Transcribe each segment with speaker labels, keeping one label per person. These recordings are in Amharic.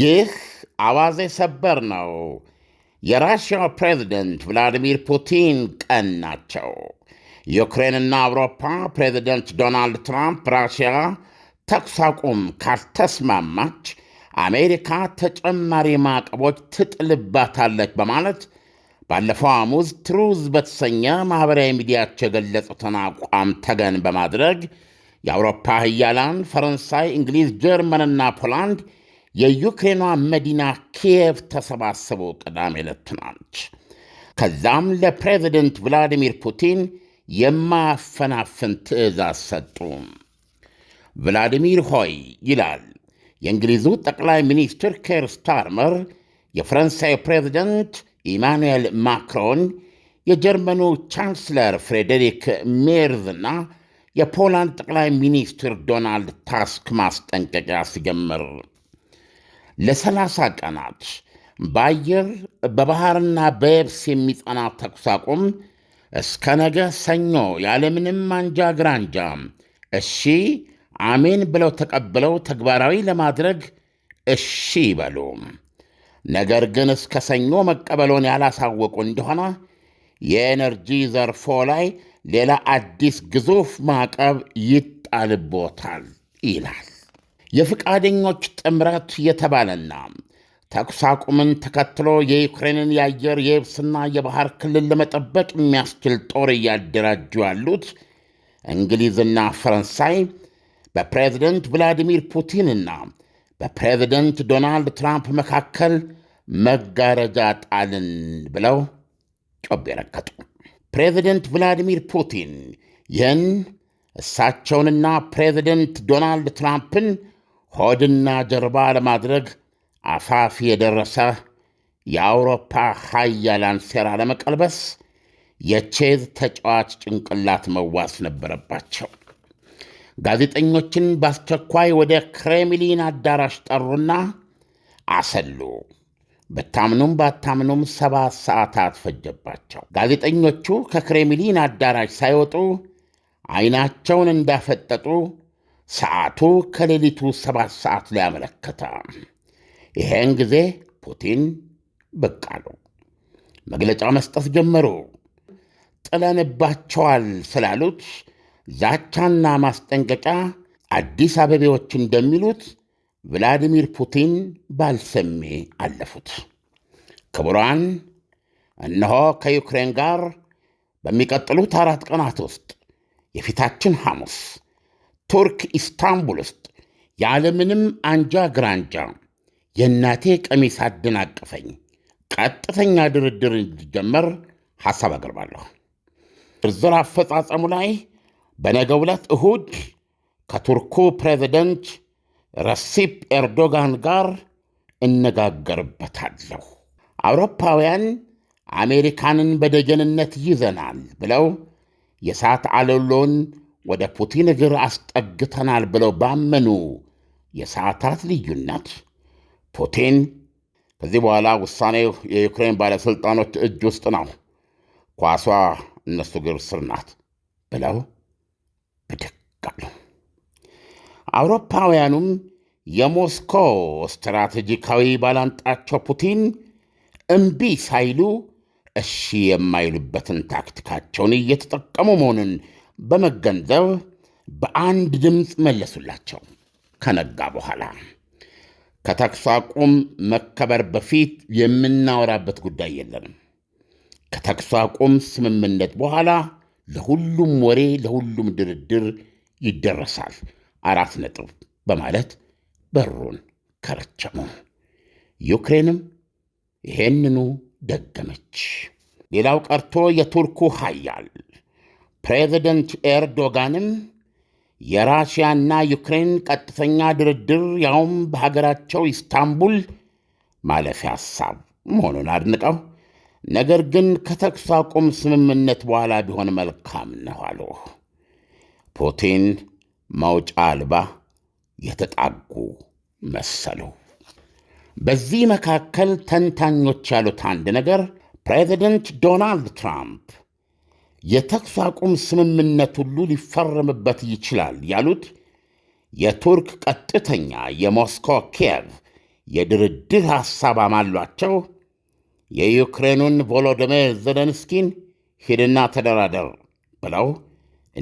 Speaker 1: ይህ አዋዜ ሰበር ነው። የራሽያው ፕሬዚደንት ቭላዲሚር ፑቲን ቀን ናቸው። ዩክሬንና አውሮፓ ፕሬዚደንት ዶናልድ ትራምፕ ራሽያ ተኩስ አቁም ካልተስማማች አሜሪካ ተጨማሪ ማዕቀቦች ትጥልባታለች በማለት ባለፈው ሐሙስ ትሩዝ በተሰኘ ማኅበራዊ ሚዲያቸው የገለጹትን አቋም ተገን በማድረግ የአውሮፓ ህያላን ፈረንሳይ፣ እንግሊዝ፣ ጀርመንና ፖላንድ የዩክሬኗ መዲና ኪየቭ ተሰባሰበው ቅዳሜ ዕለት ትናንች። ከዛም ለፕሬዚደንት ቭላዲሚር ፑቲን የማያፈናፍን ትዕዛዝ ሰጡ። ቭላዲሚር ሆይ ይላል የእንግሊዙ ጠቅላይ ሚኒስትር ኬር ስታርመር፣ የፈረንሳይ ፕሬዚደንት ኢማኑኤል ማክሮን፣ የጀርመኑ ቻንስለር ፍሬዴሪክ እና የፖላንድ ጠቅላይ ሚኒስትር ዶናልድ ታስክ ማስጠንቀቂያ ሲጀምር ለሰላሳ ቀናት በአየር በባህርና በየብስ የሚጸና ተኩስ አቁም እስከ ነገ ሰኞ ያለምንም አንጃ ግራንጃ እሺ አሜን ብለው ተቀብለው ተግባራዊ ለማድረግ እሺ ይበሉ። ነገር ግን እስከ ሰኞ መቀበሎን ያላሳወቁ እንደሆነ የኤነርጂ ዘርፎ ላይ ሌላ አዲስ ግዙፍ ማዕቀብ ይጣልቦታል ይላል። የፈቃደኞች ጥምረት የተባለና ተኩስ አቁምን ተከትሎ የዩክሬንን የአየር የብስና የባህር ክልል ለመጠበቅ የሚያስችል ጦር እያደራጁ ያሉት እንግሊዝና ፈረንሳይ በፕሬዝደንት ቭላዲሚር ፑቲንና በፕሬዝደንት ዶናልድ ትራምፕ መካከል መጋረጃ ጣልን ብለው ጮብ ረከጡ። ፕሬዝደንት ቭላዲሚር ፑቲን ይህን እሳቸውንና ፕሬዝደንት ዶናልድ ትራምፕን ሆድና ጀርባ ለማድረግ አፋፍ የደረሰ የአውሮፓ ሀያላን ሴራ ለመቀልበስ የቼዝ ተጫዋች ጭንቅላት መዋስ ነበረባቸው። ጋዜጠኞችን በአስቸኳይ ወደ ክሬምሊን አዳራሽ ጠሩና አሰሉ። በታምኑም ባታምኑም ሰባት ሰዓታት ፈጀባቸው። ጋዜጠኞቹ ከክሬምሊን አዳራሽ ሳይወጡ ዐይናቸውን እንዳፈጠጡ ሰዓቱ ከሌሊቱ ሰባት ሰዓት ላይ አመለከተ። ይሄን ጊዜ ፑቲን ብቅ አሉ። መግለጫ መስጠት ጀመሩ። ጥለንባቸዋል ስላሉት ዛቻና ማስጠንቀቂያ አዲስ አበቤዎች እንደሚሉት ቭላዲሚር ፑቲን ባልሰሜ አለፉት። ክቡራን፣ እነሆ ከዩክሬን ጋር በሚቀጥሉት አራት ቀናት ውስጥ የፊታችን ሐሙስ ቱርክ ኢስታንቡል ውስጥ ያለምንም አንጃ ግራንጃ የእናቴ ቀሚስ አደናቀፈኝ። ቀጥተኛ ድርድር እንዲጀመር ሐሳብ አቅርባለሁ። ዝርዝር አፈጻጸሙ ላይ በነገ ዕለት እሁድ ከቱርኩ ፕሬዚደንት ረሲፕ ኤርዶጋን ጋር እነጋገርበታለሁ። አውሮፓውያን አሜሪካንን በደጀንነት ይዘናል ብለው የእሳት አለሎን ወደ ፑቲን እግር አስጠግተናል ብለው ባመኑ የሰዓታት ልዩነት ፑቲን ከዚህ በኋላ ውሳኔው የዩክሬን ባለሥልጣኖች እጅ ውስጥ ነው፣ ኳሷ እነሱ እግር ስር ናት ብለው ብድግ አሉ። አውሮፓውያኑም የሞስኮ ስትራቴጂካዊ ባላንጣቸው ፑቲን እምቢ ሳይሉ እሺ የማይሉበትን ታክቲካቸውን እየተጠቀሙ መሆኑን በመገንዘብ በአንድ ድምፅ መለሱላቸው። ከነጋ በኋላ ከተኩስ አቁም መከበር በፊት የምናወራበት ጉዳይ የለንም። ከተኩስ አቁም ስምምነት በኋላ ለሁሉም ወሬ፣ ለሁሉም ድርድር ይደረሳል። አራት ነጥብ በማለት በሩን ከረቸሙ። ዩክሬንም ይሄንኑ ደገመች። ሌላው ቀርቶ የቱርኩ ኃያል ፕሬዚደንት ኤርዶጋንም የራሽያና ዩክሬን ቀጥተኛ ድርድር ያውም በሀገራቸው ኢስታንቡል ማለፊያ ሐሳብ መሆኑን አድንቀው ነገር ግን ከተኩስ አቁም ስምምነት በኋላ ቢሆን መልካም ነው አሉ። ፑቲን መውጫ አልባ የተጣጉ መሰሉ። በዚህ መካከል ተንታኞች ያሉት አንድ ነገር ፕሬዚደንት ዶናልድ ትራምፕ የተኩስ አቁም ስምምነት ሁሉ ሊፈረምበት ይችላል ያሉት የቱርክ ቀጥተኛ የሞስኮ ኪየቭ የድርድር ሐሳብ አማሏቸው የዩክሬኑን ቮሎዲሚር ዘለንስኪን ሂድና ተደራደር ብለው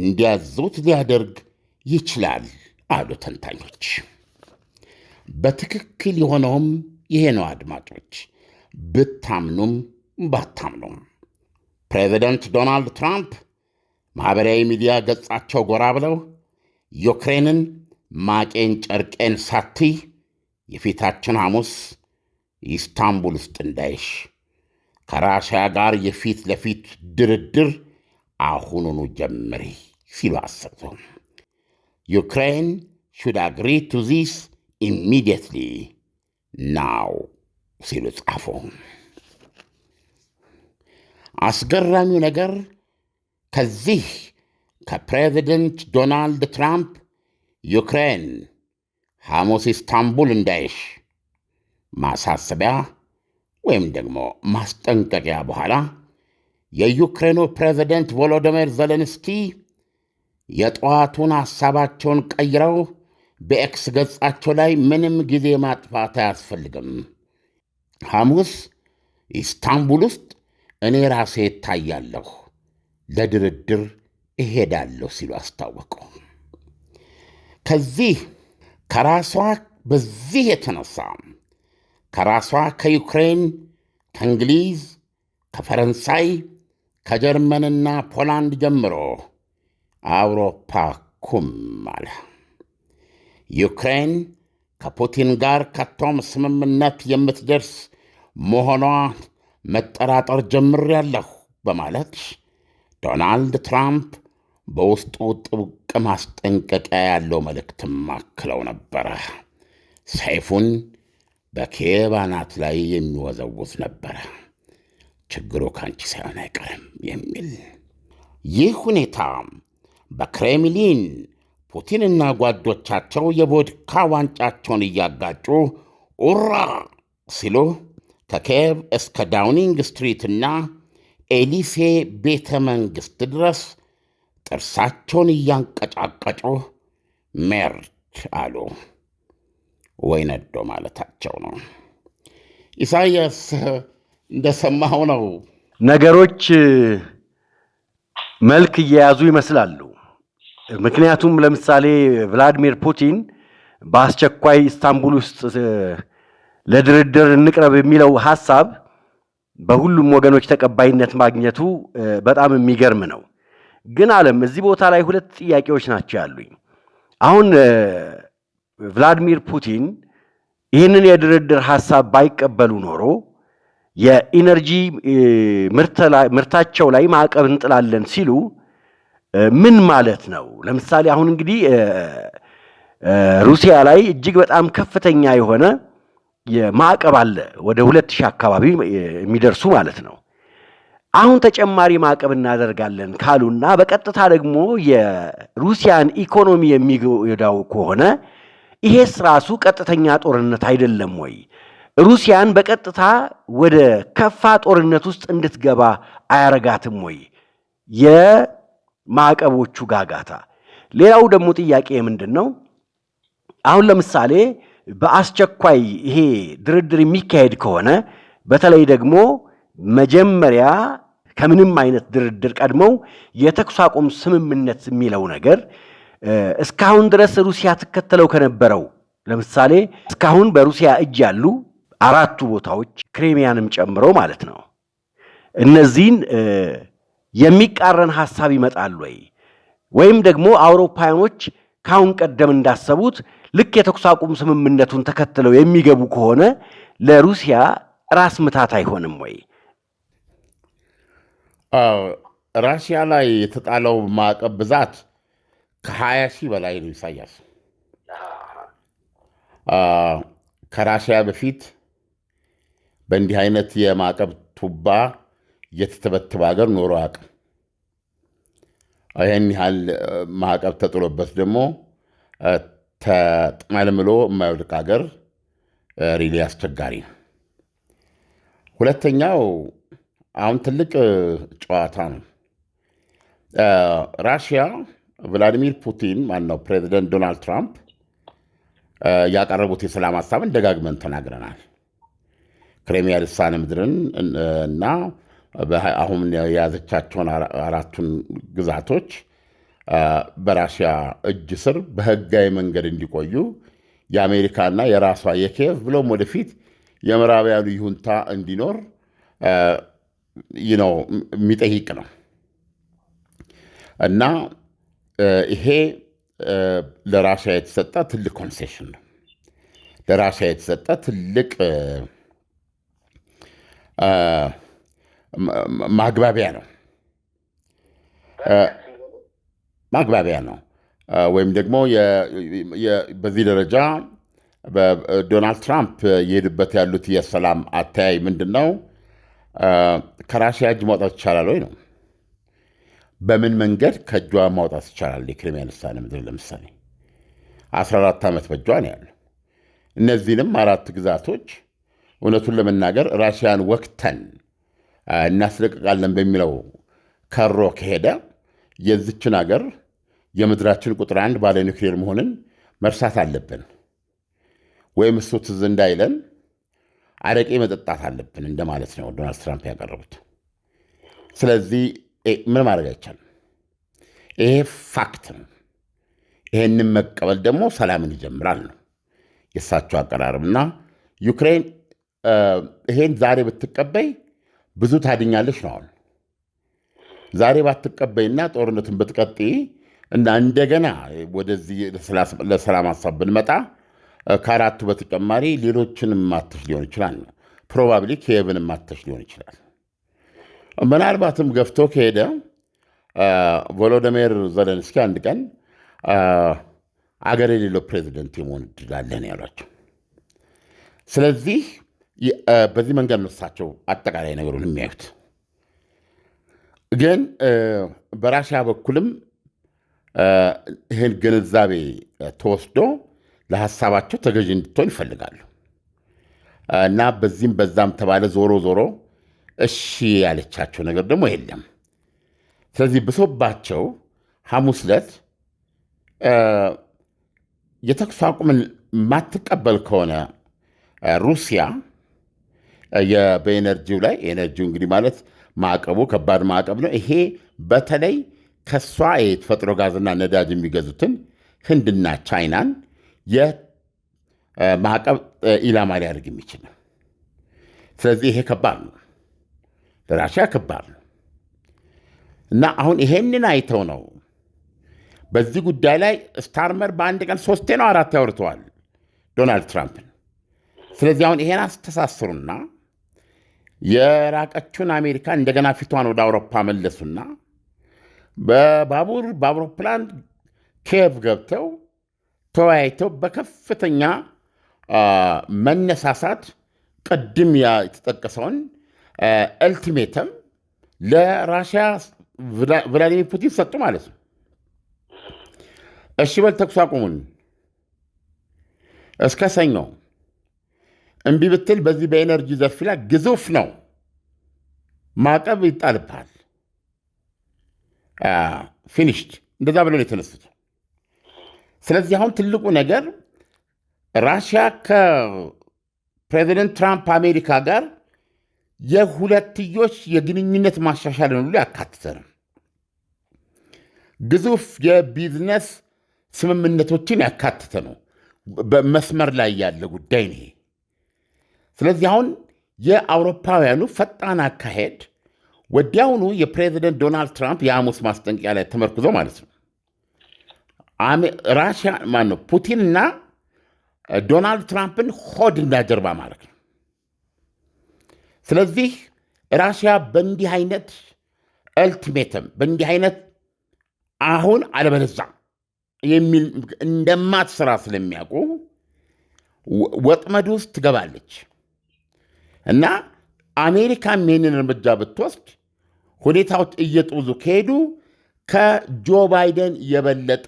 Speaker 1: እንዲያዙት ሊያደርግ ይችላል አሉ ተንታኞች። በትክክል የሆነውም ይሄ ነው አድማጮች፣ ብታምኑም ባታምኑም። ፕሬዚደንት ዶናልድ ትራምፕ ማኅበራዊ ሚዲያ ገጻቸው ጎራ ብለው ዩክሬንን ማቄን ጨርቄን ሳቲ የፊታችን ሐሙስ ኢስታንቡል ውስጥ እንዳይሽ ከራሽያ ጋር የፊት ለፊት ድርድር አሁኑኑ ጀምሪ ሲሉ አሰብቶ ዩክሬን ሹድ አግሪ ቱ ዚስ ኢሚዲየትሊ ናው ሲሉ ጻፉ። አስገራሚው ነገር ከዚህ ከፕሬዚደንት ዶናልድ ትራምፕ ዩክሬን ሐሙስ ኢስታንቡል እንዳይሽ ማሳሰቢያ ወይም ደግሞ ማስጠንቀቂያ በኋላ የዩክሬኑ ፕሬዚደንት ቮሎዶሚር ዘለንስኪ የጠዋቱን ሐሳባቸውን ቀይረው በኤክስ ገጻቸው ላይ ምንም ጊዜ ማጥፋት አያስፈልግም፣ ሐሙስ ኢስታንቡል ውስጥ እኔ ራሴ እታያለሁ፣ ለድርድር እሄዳለሁ ሲሉ አስታወቁ። ከዚህ ከራሷ በዚህ የተነሳ ከራሷ ከዩክሬን፣ ከእንግሊዝ፣ ከፈረንሳይ፣ ከጀርመንና ፖላንድ ጀምሮ አውሮፓ ኩም አለ። ዩክሬን ከፑቲን ጋር ከቶም ስምምነት የምትደርስ መሆኗ መጠራጠር ጀምሬያለሁ በማለት ዶናልድ ትራምፕ በውስጡ ጥብቅ ማስጠንቀቂያ ያለው መልእክትም አክለው ነበረ። ሰይፉን በኪየቭ አናት ላይ የሚወዘውዝ ነበረ። ችግሩ ከአንቺ ሳይሆን አይቀርም የሚል ይህ ሁኔታ በክሬምሊን ፑቲንና ጓዶቻቸው የቦድካ ዋንጫቸውን እያጋጩ ኡራ ሲሉ ከኬቭ እስከ ዳውኒንግ ስትሪትና ኤሊሴ ቤተ መንግሥት ድረስ ጥርሳቸውን እያንቀጫቀጩ ሜርች አሉ። ወይነዶ ማለታቸው ነው። ኢሳይያስ እንደሰማው ነው።
Speaker 2: ነገሮች መልክ እየያዙ ይመስላሉ። ምክንያቱም ለምሳሌ ቭላዲሚር ፑቲን በአስቸኳይ ኢስታንቡል ውስጥ ለድርድር እንቅረብ የሚለው ሀሳብ በሁሉም ወገኖች ተቀባይነት ማግኘቱ በጣም የሚገርም ነው። ግን አለም እዚህ ቦታ ላይ ሁለት ጥያቄዎች ናቸው ያሉኝ። አሁን ቭላድሚር ፑቲን ይህንን የድርድር ሀሳብ ባይቀበሉ ኖሮ የኢነርጂ ምርታቸው ላይ ማዕቀብ እንጥላለን ሲሉ ምን ማለት ነው? ለምሳሌ አሁን እንግዲህ ሩሲያ ላይ እጅግ በጣም ከፍተኛ የሆነ የማዕቀብ አለ ወደ ሁለት ሺህ አካባቢ የሚደርሱ ማለት ነው። አሁን ተጨማሪ ማዕቀብ እናደርጋለን ካሉና በቀጥታ ደግሞ የሩሲያን ኢኮኖሚ የሚጎዳው ከሆነ ይሄስ ራሱ ቀጥተኛ ጦርነት አይደለም ወይ? ሩሲያን በቀጥታ ወደ ከፋ ጦርነት ውስጥ እንድትገባ አያረጋትም ወይ? የማዕቀቦቹ ጋጋታ። ሌላው ደግሞ ጥያቄ ምንድን ነው? አሁን ለምሳሌ በአስቸኳይ ይሄ ድርድር የሚካሄድ ከሆነ በተለይ ደግሞ መጀመሪያ ከምንም አይነት ድርድር ቀድመው የተኩስ አቁም ስምምነት የሚለው ነገር እስካሁን ድረስ ሩሲያ ትከተለው ከነበረው ለምሳሌ እስካሁን በሩሲያ እጅ ያሉ አራቱ ቦታዎች ክሬሚያንም ጨምሮ ማለት ነው። እነዚህን የሚቃረን ሀሳብ ይመጣል ወይ ወይም ደግሞ አውሮፓውያኖች ከአሁን ቀደም እንዳሰቡት ልክ የተኩስ አቁም ስምምነቱን ተከትለው የሚገቡ ከሆነ ለሩሲያ ራስ ምታት አይሆንም ወይ?
Speaker 3: ራሽያ ላይ የተጣለው ማዕቀብ ብዛት ከሀያ ሺህ በላይ ነው። ኢሳያስ ከራሽያ በፊት በእንዲህ አይነት የማዕቀብ ቱባ የተተበተበ ሀገር ኖሮ አያውቅም። ይህን ያህል ማዕቀብ ተጥሎበት ደግሞ ተጥመልምሎ የማይወድቅ ሀገር ሪሊ አስቸጋሪ ነው። ሁለተኛው አሁን ትልቅ ጨዋታ ነው። ራሽያ ቭላዲሚር ፑቲን ማነው ፕሬዚደንት ዶናልድ ትራምፕ ያቀረቡት የሰላም ሀሳብን ደጋግመን ተናግረናል። ክሬሚያ ልሳነ ምድርን እና አሁን የያዘቻቸውን አራቱን ግዛቶች በራሽያ እጅ ስር በህጋዊ መንገድ እንዲቆዩ የአሜሪካና የራሷ የኪየቭ ብሎም ወደፊት የምዕራባውያኑ ይሁንታ እንዲኖር ነው የሚጠይቅ ነው እና ይሄ ለራሽያ የተሰጠ ትልቅ ኮንሴሽን ነው። ለራሽያ የተሰጠ ትልቅ ማግባቢያ ነው ማግባቢያ ነው ወይም ደግሞ በዚህ ደረጃ ዶናልድ ትራምፕ የሄድበት ያሉት የሰላም አተያይ ምንድን ነው? ከራሽያ እጅ ማውጣት ይቻላል ወይ ነው። በምን መንገድ ከእጇ ማውጣት ይቻላል? የክሪሚያ ልሳነ ምድር ለምሳሌ 14 ዓመት በእጇ ነው ያሉ። እነዚህንም አራት ግዛቶች እውነቱን ለመናገር ራሽያን ወክተን እናስለቅቃለን በሚለው ከሮ ከሄደ የዚችን አገር የምድራችን ቁጥር አንድ ባለ ኒውክሌር መሆንን መርሳት አለብን። ወይም እሱ ትዝ እንዳይለን አረቄ መጠጣት አለብን እንደማለት ነው ዶናልድ ትራምፕ ያቀረቡት። ስለዚህ ምን ማድረግ አይቻልም። ይሄ ፋክት ነው። ይሄንን መቀበል ደግሞ ሰላምን ይጀምራል ነው የእሳቸው እና ዩክሬን ይሄን ዛሬ ብትቀበይ ብዙ ታድኛለሽ ነው አሁን ዛሬ ባትቀበይና ጦርነትን ብትቀጥይ እና እንደገና ወደዚህ ለሰላም ሀሳብ ብንመጣ ከአራቱ በተጨማሪ ሌሎችን ማተሽ ሊሆን ይችላል። ፕሮባብሊ ኪየቭን ማተሽ ሊሆን ይችላል። ምናልባትም ገፍቶ ከሄደ ቮሎዲሚር ዘለንስኪ አንድ ቀን አገር የሌለው ፕሬዚደንት የመሆን እድል አለን ያሏቸው። ስለዚህ በዚህ መንገድ ነው እሳቸው አጠቃላይ ነገሩን የሚያዩት። ግን በራሽያ በኩልም ይህን ግንዛቤ ተወስዶ ለሀሳባቸው ተገዥ እንድትሆን ይፈልጋሉ እና በዚህም በዛም ተባለ። ዞሮ ዞሮ እሺ ያለቻቸው ነገር ደግሞ የለም። ስለዚህ ብሶባቸው ሐሙስ ዕለት የተኩስ አቁምን ማትቀበል ከሆነ ሩሲያ በኤነርጂው ላይ ኤነርጂው እንግዲህ ማለት ማዕቀቡ ከባድ ማዕቀብ ነው። ይሄ በተለይ ከሷ የተፈጥሮ ጋዝና ነዳጅ የሚገዙትን ህንድና ቻይናን የማዕቀብ ኢላማ ሊያደርግ የሚችል ነው። ስለዚህ ይሄ ከባድ ነው፣ ለራሽያ ከባድ ነው እና አሁን ይሄንን አይተው ነው በዚህ ጉዳይ ላይ ስታርመር በአንድ ቀን ሶስቴ ነው አራት ያወርተዋል ዶናልድ ትራምፕን። ስለዚህ አሁን ይሄን አስተሳስሩና የራቀችውን አሜሪካ እንደገና ፊቷን ወደ አውሮፓ መለሱና በባቡር በአውሮፕላን ኬቭ ገብተው ተወያይተው በከፍተኛ መነሳሳት ቅድም የተጠቀሰውን እልቲሜተም ለራሽያ ቭላዲሚር ፑቲን ሰጡ ማለት ነው። እሺ በል ተኩስ አቁሙን እስከ ሰኞ እምቢ ብትል በዚህ በኤነርጂ ዘርፍ ላይ ግዙፍ ነው ማዕቀብ ይጣልብሃል። ፊኒሽድ እንደዛ ብሎ ነው የተነሱት። ስለዚህ አሁን ትልቁ ነገር ራሽያ ከፕሬዚደንት ትራምፕ አሜሪካ ጋር የሁለትዮሽ የግንኙነት ማሻሻል ሁሉ ያካትተንም ግዙፍ የቢዝነስ ስምምነቶችን ያካትተ ነው። በመስመር ላይ ያለ ጉዳይ ነው። ስለዚህ አሁን የአውሮፓውያኑ ፈጣን አካሄድ ወዲያውኑ የፕሬዚደንት ዶናልድ ትራምፕ የሐሙስ ማስጠንቀቂያ ላይ ተመርኩዞ ማለት ነው ራሽያ ነው ፑቲንና ዶናልድ ትራምፕን ሆድ እንዳጀርባ ማለት ነው። ስለዚህ ራሽያ በእንዲህ አይነት አልቲሜተም በእንዲህ አይነት አሁን አለበለዛ የሚል እንደማትሰራ ስለሚያውቁ ወጥመድ ውስጥ ትገባለች። እና አሜሪካም ይህንን እርምጃ ብትወስድ ሁኔታዎች እየጦዙ ከሄዱ ከጆ ባይደን የበለጠ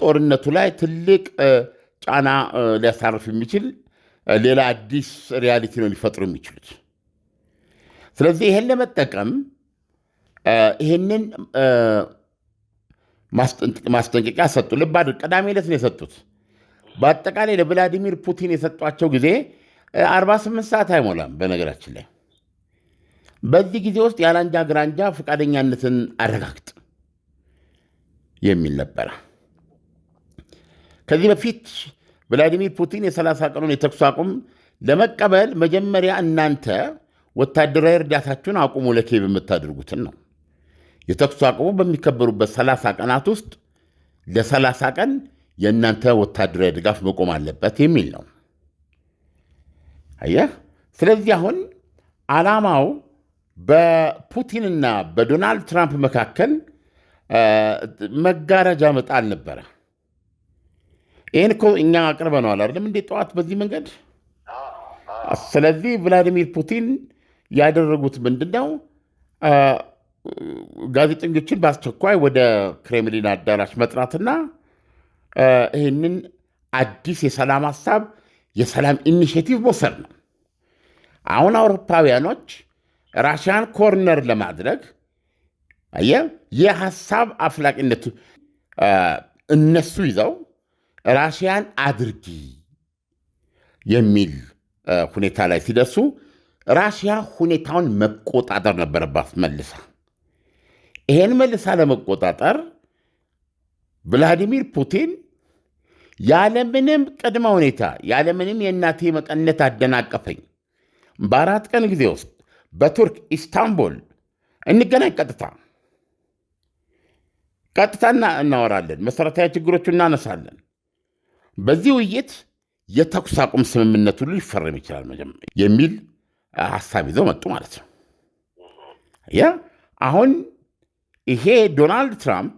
Speaker 3: ጦርነቱ ላይ ትልቅ ጫና ሊያሳርፍ የሚችል ሌላ አዲስ ሪያሊቲ ነው ሊፈጥሩ የሚችሉት። ስለዚህ ይህን ለመጠቀም ይህንን ማስጠንቀቂያ ሰጡ። ልብ አድርግ፣ ቅዳሜ ዕለት ነው የሰጡት። በአጠቃላይ ለቭላዲሚር ፑቲን የሰጧቸው ጊዜ 48 ሰዓት አይሞላም። በነገራችን ላይ በዚህ ጊዜ ውስጥ ያለአንጃ ግራንጃ ፈቃደኛነትን አረጋግጥ የሚል ነበረ። ከዚህ በፊት ቭላዲሚር ፑቲን የ30 ቀኑን የተኩስ አቁም ለመቀበል መጀመሪያ እናንተ ወታደራዊ እርዳታችሁን አቁሙ ለኬብ የምታደርጉትን ነው። የተኩስ አቁሙ በሚከበሩበት 30 ቀናት ውስጥ ለ30 ቀን የእናንተ ወታደራዊ ድጋፍ መቆም አለበት የሚል ነው። አየህ። ስለዚህ አሁን ዓላማው በፑቲንና በዶናልድ ትራምፕ መካከል መጋረጃ መጣል ነበረ። ይህን እኮ እኛ አቅርበነዋል አይደለም እንዴ ጠዋት በዚህ መንገድ። ስለዚህ ቭላዲሚር ፑቲን ያደረጉት ምንድን ነው? ጋዜጠኞችን በአስቸኳይ ወደ ክሬምሊን አዳራሽ መጥራትና ይህንን አዲስ የሰላም ሀሳብ የሰላም ኢኒሽቲቭ መውሰድ ነው። አሁን አውሮፓውያኖች ራሽያን ኮርነር ለማድረግ የሀሳብ አፍላቂነቱ እነሱ ይዘው ራሽያን አድርጊ የሚል ሁኔታ ላይ ሲደርሱ ራሽያ ሁኔታውን መቆጣጠር ነበረባት መልሳ። ይሄን መልሳ ለመቆጣጠር ቭላዲሚር ፑቲን ያለምንም ቅድመ ሁኔታ ያለምንም የእናቴ መቀነት አደናቀፈኝ። በአራት ቀን ጊዜ ውስጥ በቱርክ ኢስታንቡል እንገናኝ። ቀጥታ ቀጥታ እናወራለን። መሠረታዊ ችግሮቹ እናነሳለን። በዚህ ውይይት የተኩስ አቁም ስምምነት ሁሉ ሊፈረም ይችላል የሚል ሀሳብ ይዘው መጡ ማለት ነው። ያ አሁን ይሄ ዶናልድ ትራምፕ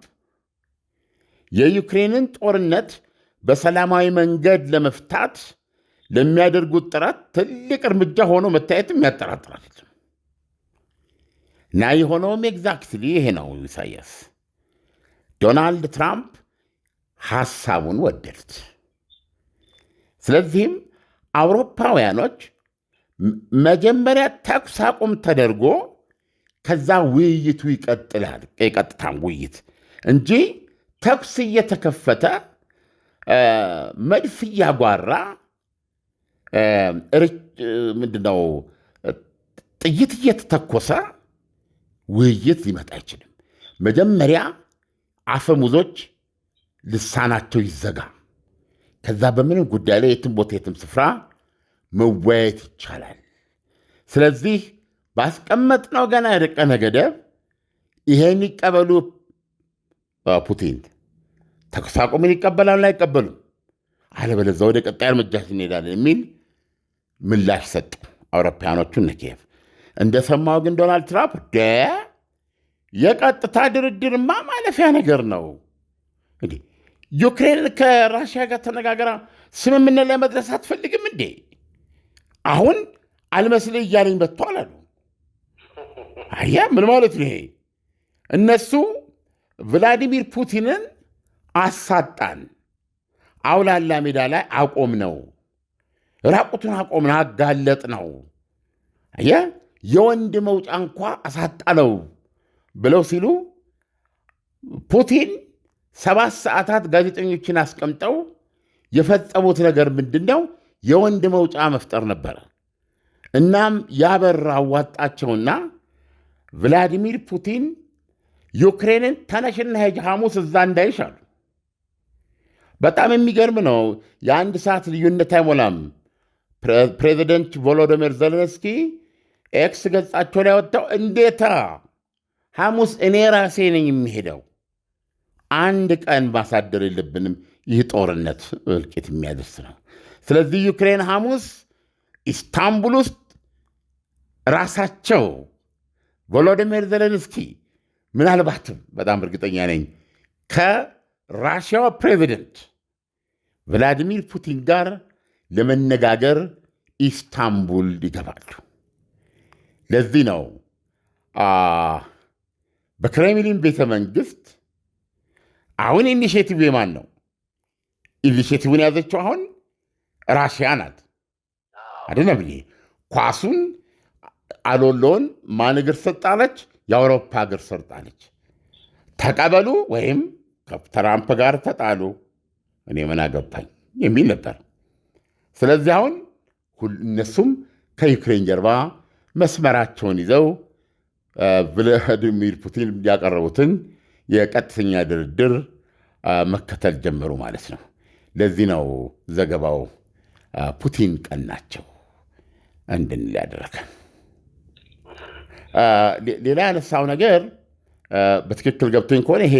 Speaker 3: የዩክሬንን ጦርነት በሰላማዊ መንገድ ለመፍታት ለሚያደርጉት ጥረት ትልቅ እርምጃ ሆኖ መታየትም ያጠራጥራል እና የሆነውም ኤግዛክትሊ ይሄ ነው። ኢሳያስ ዶናልድ ትራምፕ ሐሳቡን ወደዱት። ስለዚህም አውሮፓውያኖች መጀመሪያ ተኩስ አቁም ተደርጎ ከዛ ውይይቱ ይቀጥላል የቀጥታም ውይይት እንጂ ተኩስ እየተከፈተ መድፍ እያጓራ ምንድነው ጥይት እየተተኮሰ ውይይት ሊመጣ አይችልም። መጀመሪያ አፈሙዞች ልሳናቸው ይዘጋ። ከዛ በምንም ጉዳይ ላይ የትም ቦታ የትም ስፍራ መወያየት ይቻላል። ስለዚህ ባስቀመጥነው ገና የደቀነ ገደብ ይሄን ይቀበሉ ፑቲን ተኩስ አቁምን ይቀበላሉ አይቀበሉም፣ አለበለዚያ ወደ ቀጣይ እርምጃችን እንሄዳለን የሚል ምላሽ ሰጡ አውሮፓያኖቹ እነ ኪየቭ። እንደሰማው ግን ዶናልድ ትራምፕ ደ የቀጥታ ድርድርማ ማለፊያ ነገር ነው እንዴ? ዩክሬን ከራሽያ ጋር ተነጋገራ ስምምነት ላይ መድረስ አትፈልግም እንዴ? አሁን አልመስልህ እያለኝ መጥቷል አሉ። አያ ምን ማለት ነው ይሄ? እነሱ ቭላዲሚር ፑቲንን አሳጣን። አውላላ ሜዳ ላይ አቆም ነው። ራቁቱን አቆም ነው፣ አጋለጥ ነው። የወንድ መውጫ እንኳ ነው ብለው ሲሉ ፑቲን ሰባት ሰዓታት ጋዜጠኞችን አስቀምጠው የፈጸሙት ነገር ምንድን ነው? የወንድ መውጫ መፍጠር ነበረ። እናም ያበር አዋጣቸውና ቭላዲሚር ፑቲን ዩክሬንን ተነሽና ሄጅ ሐሙስ እዛ እንዳይሻሉ በጣም የሚገርም ነው። የአንድ ሰዓት ልዩነት አይሞላም። ፕሬዚደንት ቮሎዶሚር ዘለንስኪ ኤክስ ገጻቸው ላይ ወጥተው እንዴታ ሐሙስ እኔ ራሴ ነኝ የሚሄደው፣ አንድ ቀን ማሳደር የለብንም ይህ ጦርነት እልቂት የሚያደርስ ነው። ስለዚህ ዩክሬን ሐሙስ ኢስታንቡል ውስጥ ራሳቸው ቮሎዲሚር ዘለንስኪ ምናልባትም በጣም እርግጠኛ ነኝ ከራሽያው ፕሬዚደንት ቭላዲሚር ፑቲን ጋር ለመነጋገር ኢስታንቡል ይገባሉ። ለዚህ ነው በክሬምሊን ቤተ መንግስት አሁን ኢኒሽቲቭ የማን ነው? ኢኒሽቲቭን ያዘችው አሁን ራሽያ ናት አደነ ብዬ ኳሱን አሎሎን ማን እግር ሰጣለች? የአውሮፓ እግር ሰጣለች። ተቀበሉ ወይም ከትራምፕ ጋር ተጣሉ። እኔ ምን አገባኝ የሚል ነበር። ስለዚህ አሁን እነሱም ከዩክሬን ጀርባ መስመራቸውን ይዘው ቭላዲሚር ፑቲን ያቀረቡትን የቀጥተኛ ድርድር መከተል ጀመሩ ማለት ነው። ለዚህ ነው ዘገባው ፑቲን ቀናቸው እንድንል ያደረገ። ሌላ ያነሳው ነገር በትክክል ገብቶኝ ከሆነ ይሄ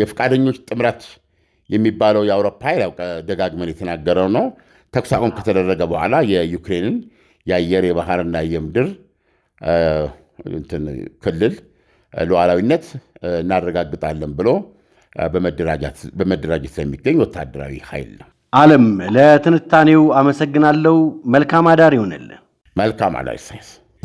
Speaker 3: የፈቃደኞች ጥምረት የሚባለው የአውሮፓ ኃይል ደጋግመን የተናገረው ነው። ተኩስ አቁም ከተደረገ በኋላ የዩክሬንን የአየር የባህርና የምድር ክልል ሉዓላዊነት እናረጋግጣለን ብሎ በመደራጀት ስለሚገኝ ወታደራዊ ኃይል ነው።
Speaker 2: ዓለም ለትንታኔው አመሰግናለሁ። መልካም አዳር ይሆንልን።
Speaker 3: መልካም አዳር ሳይንስ